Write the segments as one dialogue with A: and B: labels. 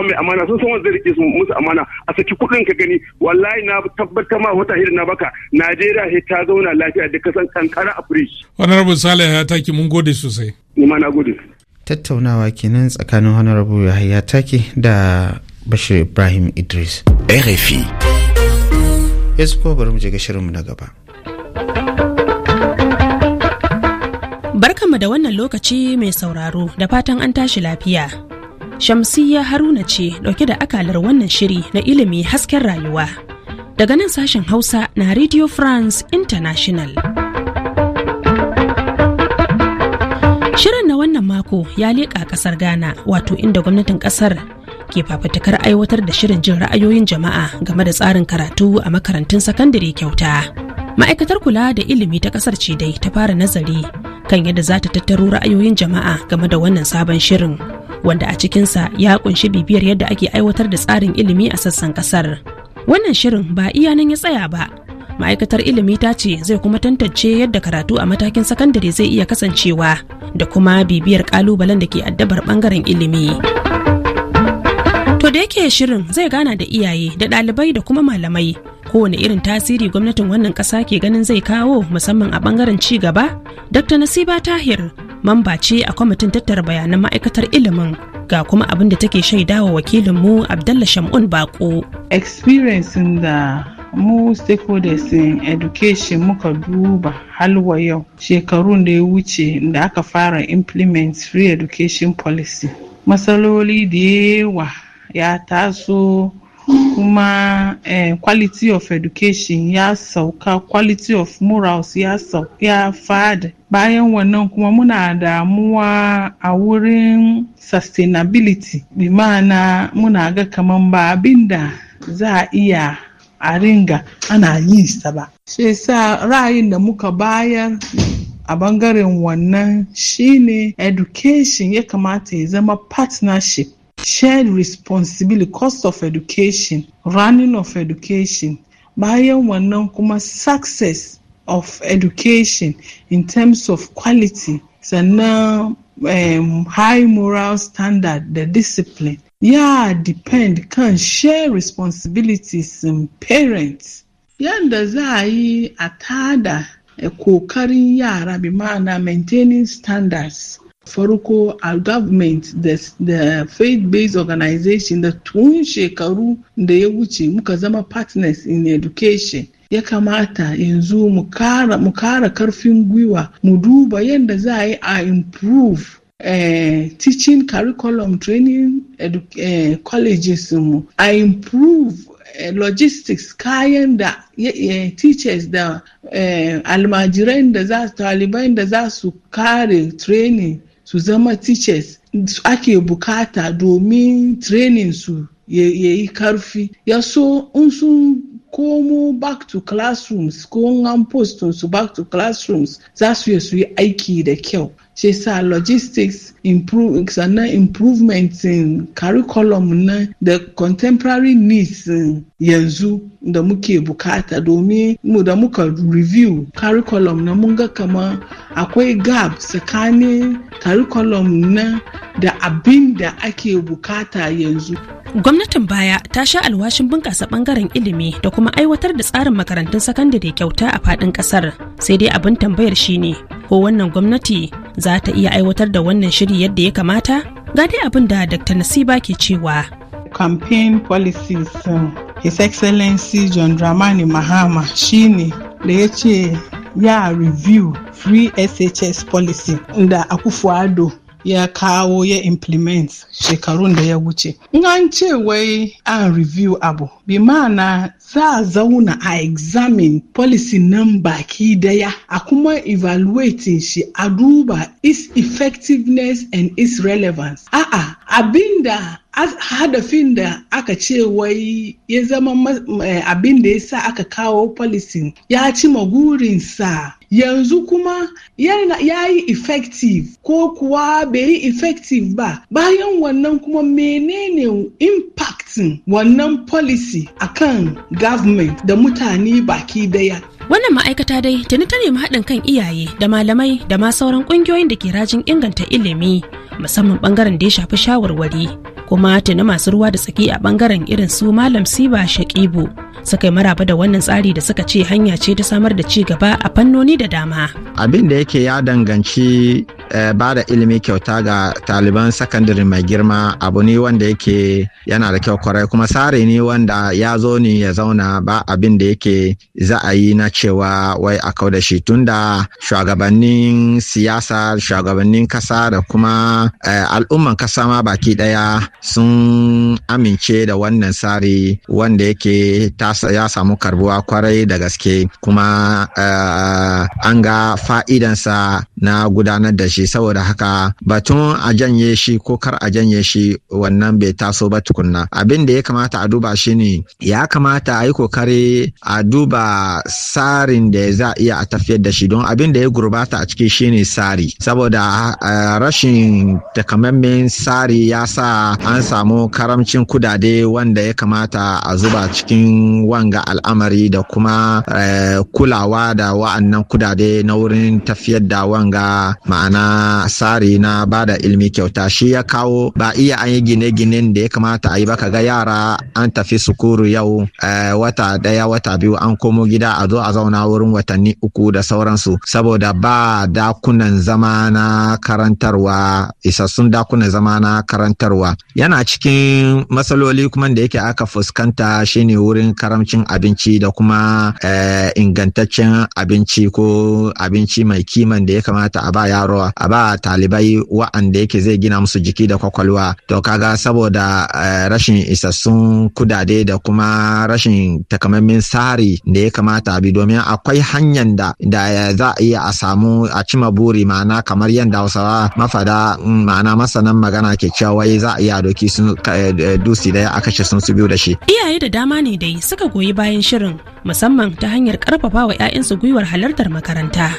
A: mai amana sun san wanda zai rike musu amana a saki kuɗin ka gani wallahi na tabbatar ma wata hirin na baka Najeriya sai ta zauna lafiya da kasan kankara a firish. Honorable salih ya taki mun gode sosai. Ni na gode. Tattaunawa kenan tsakanin Honorable Yahaya Taki da
B: Bashir Ibrahim Idris. RFI. Yanzu kuma bari mu je ga shirinmu na gaba.
C: Barkanmu da wannan lokaci mai sauraro da fatan an tashi lafiya. Shamsiyya Haruna ce dauke da akalar wannan shiri na ilimi hasken rayuwa. Daga nan sashen Hausa na Radio France International. Shirin na wannan mako ya leƙa ƙasar Ghana wato inda gwamnatin ƙasar ke fafatakar aiwatar da shirin jin ra'ayoyin jama'a game da tsarin karatu a makarantun sakandare kyauta. Ma'aikatar kula da ilimi ta ƙasar ce dai ta fara nazari kan yadda za ta tattaro ra'ayoyin jama'a game da wannan sabon shirin. wanda a cikinsa ya kunshi bibiyar yadda ake aiwatar da tsarin ilimi a sassan kasar wannan shirin ba iya ya tsaya ba ma'aikatar ilimi ta ce zai kuma tantance yadda karatu a matakin sakandare zai iya kasancewa da kuma bibiyar kalubalen da ke addabar bangaren ilimi to da yake shirin zai gana da iyaye da ɗalibai da kuma malamai kowane irin tasiri gwamnatin wannan ƙasa ke ganin zai kawo musamman a bangaren ci gaba dr nasiba tahir mamba ce a kwamitin tattara bayanan ma'aikatar ilimin ga kuma abin da take shaidawa wakilinmu abdallah shamun bako experience da mu stakeholders
D: in education muka duba halwa yau shekarun da ya wuce da aka fara implement free education policy matsaloli da yawa ya taso kuma eh, quality of education ya sauka quality of morals ya sauka ya fada bayan wannan kuma muna damuwa a wurin sustainability bi ma'ana muna ga kaman ba abinda za a iya a ringa ana yi sa ba shi sa ra'ayin da muka bayar a bangaren wannan shine education ya kamata ya zama partnership shared responsibility cost of education running of education bayan wannan kuma success of education in terms of quality sannan um, high moral standard da discipline ya yeah, depend kan share responsibilities in parents yadda za a yi a tada eh, kokarin yara bi ma'ana maintaining standards farko a government da faith-based organization da tun shekaru da ya wuce muka zama partners in education ya kamata yanzu mu kara karfin gwiwa mu duba yadda za a yi a improve eh, teaching curriculum training eh, colleges mu a improve eh, logistics kayan da teachers da eh, almajiran da za su taliban da za su kare training su zama teachers ake bukata domin training su ya yi karfi ya so in sun komo back to classrooms ko an postin su back to classrooms za su yi aiki da kyau ṣe sa logistics improve sannan improvement in curriculum na da contemporary needs yanzu da muke bukata domin mu da muka review curriculum na mun ga kama akwai gap tsakanin
C: curriculum na da abin da ake bukata yanzu gwamnatin baya ta sha alwashin bunƙasa ɓangaren ilimi da kuma aiwatar da tsarin makarantun sakandare kyauta a faɗin ƙasar sai dai abin tambayar shine ko wannan gwamnati za ta iya aiwatar da wannan shiri yadda ya kamata ga dai abin da dr nasiba ke cewa campaign policies uh, his excellency john dramani mahama
D: shine da ya ce ya review free shs policy da akufuado ya kawo ya implement shekarun da ya wuce. In an ce wai an review abu, bi ma'ana za a zauna a examine policy nan baki daya a kuma evaluating shi a duba its effectiveness and its relevance. A'a, abinda hadafin da aka ce wai ya zama eh, abin da ya sa aka kawo policy ya ci magurinsa yanzu kuma ya yi effective ko kuwa bai yi effective ba bayan wannan kuma menene impactin wannan policy akan government da mutane baki
C: daya wannan ma'aikata dai tuni ta nemi haɗin kan iyaye da malamai da ma sauran ƙungiyoyin da ke rajin inganta ilimi musamman ɓangaren da ya shafi shawarwari kuma na masu ruwa da tsaki a bangaren irin su malam siba shakibu suka yi maraba da wannan tsari da suka ce hanya ce ta samar da ci gaba a fannoni da dama
B: abin da yake ya danganci Eh, ba da ilimi kyauta ga taliban sakandare mai girma abu ne wanda yake yana da kyau kwarai kuma sare ne wanda ya zo ne ya zauna ba abin da yake za a yi na cewa wai a kau da shi tunda shugabannin siyasa shugabannin kasa da kuma eh, al'umman kasa ma baki daya sun amince da wannan sare wanda yake ya samu karbuwa kwarai da gaske kuma eh, an ga fa'idansa na gudanar da shi saboda haka batun a janye shi ko kar a janye shi wannan bai taso ba tukunna abin da ya kamata a duba shi ne ya kamata a yi kokari a duba tsarin da za a iya a tafiyar da shi don abin da ya gurbata a ciki shine sari. saboda rashin takamaiman tsari ya sa an samu karamcin kudade wanda ya kamata a zuba cikin wanga al'amari da kuma eh, kulawa da wa'annan kudade na wurin tafiyar da wanga ga ma'ana sari na bada ilmi kyauta shi ya kawo ba iya an yi gine-ginen da ya kamata a yi ba ga yara an tafi sukuru yau eh, wata daya wata biyu an komo gida a zo a zauna wurin watanni uku da sauransu saboda ba dakunan zama na karantarwa isassun dakunan zama na karantarwa yana cikin matsaloli kuma da yake aka fuskanta shine wurin karamcin abinci da kuma eh, ingantaccen abinci ko abinci mai kiman da ya kamata kamata a ba yaro a ba talibai wa'anda yake zai gina musu jiki da kwakwalwa to kaga saboda eh, rashin isassun kudade da kuma rashin takamaimin tsari da ya kamata bi domin akwai hanyar da da za a iya a samu a cima buri ma'ana kamar yadda hausawa mafada mm, ma'ana masanan magana ke cewa za a iya doki sun eh, eh, dusi daya a kashe sun su biyu da shi
C: iyaye da dama ne dai suka goyi bayan shirin musamman ta hanyar karfafa wa 'ya'yansu gwiwar halartar makaranta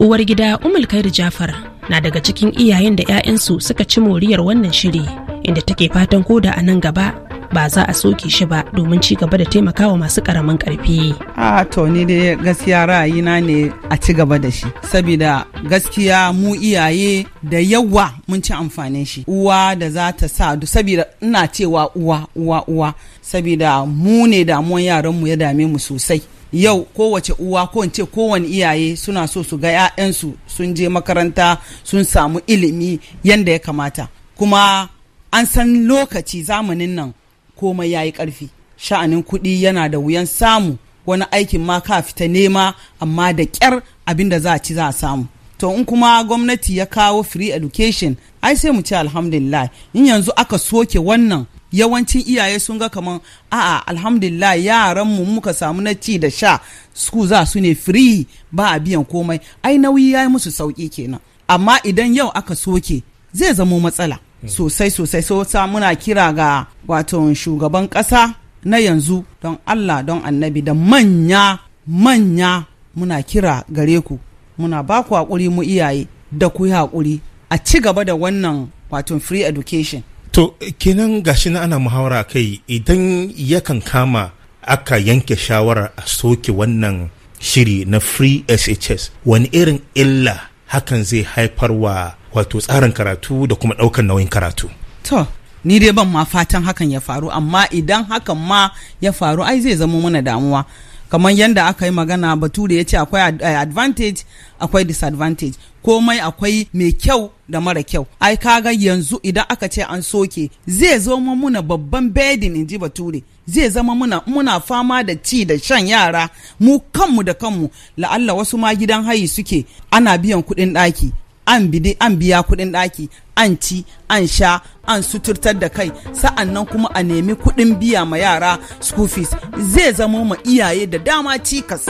C: uwar gida umul kairu jafar na daga cikin iyayen da 'ya'yansu suka ci moriyar wannan shiri inda take fatan koda a nan gaba ba za a soke shi ba domin ci gaba da taimakawa masu karamin karfi.
A: A to ni dai gaskiya ra'ayina ne a ci gaba da shi. Saboda gaskiya mu iyaye da yawa mun ci amfanin shi. Uwa da za ta sa saboda ina cewa uwa uwa uwa saboda mu ne damuwan yaran mu ya dame mu sosai. yau kowace uwa ko ce kowane iyaye suna so su ga 'ya'yansu sun je makaranta sun samu ilimi yadda ya kamata kuma an san lokaci zamanin nan komai ya yi ƙarfi sha'anin kuɗi yana da wuyan samu wani aikin ma ka fita nema amma da ƙyar abin da za a ci za a samu to in kuma gwamnati ya kawo free education ai sai mu ce alhamdulillah in yanzu aka soke wannan yawancin iyaye sun ga kaman a'a alhamdulillah yaran mu muka samu na ci da sha su za su ne free ba a biyan komai ai nauyi ya yi musu sauki kenan amma idan yau aka soke zai zamo matsala sosai sosai so sa muna kira ga wato shugaban ƙasa na yanzu don Allah don annabi da manya manya muna kira gare ku muna ba ku haƙuri mu iyaye da ku yi haƙuri a ci gaba da wannan wato free education
B: to kenan gashi na ana muhawara kai idan yakan kama aka yanke shawarar a soke wannan shiri na free shs wani irin illa hakan zai haifar wa wato tsarin karatu da kuma ɗaukan nauyin karatu
A: to ni dai ban ma fatan hakan ya faru amma idan hakan ma ya faru ai zai zama mana damuwa kamar yadda aka yi magana bature ya ce akwai eh, advantage akwai disadvantage komai akwai mai kyau da mara kyau ai kaga yanzu idan aka ce an soke zai zama muna babban bedin ji bature zai zama muna muna fama da ci da shan yara mu kanmu da kanmu la'alla wasu ma gidan hayi suke ana biyan kuɗin ɗaki an bidi an biya kuɗin ɗaki an ci an sha an suturtar da kai sa'an nan kuma a nemi kuɗin biya ma yara school fees zai zama ma iyaye da dama cikas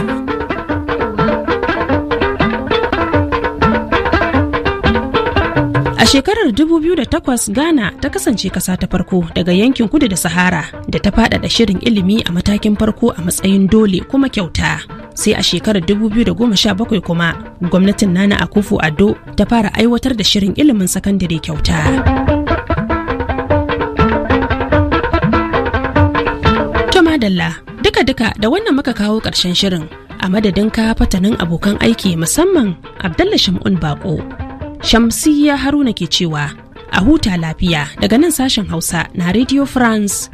C: A shekarar 2008 Ghana ta kasance kasa ta farko daga yankin kudu da Sahara da ta faɗaɗa shirin ilimi a matakin farko a matsayin dole kuma kyauta. sai a shekarar 2017 kuma gwamnatin nana akufu addo ta fara aiwatar da shirin ilimin sakandare kyauta madalla duka-duka da wannan muka kawo ƙarshen shirin a madadin ka fatanin abokan aiki musamman abdalla shamun bako shamsiyya
A: haruna ke cewa a huta lafiya daga nan sashen hausa na radio france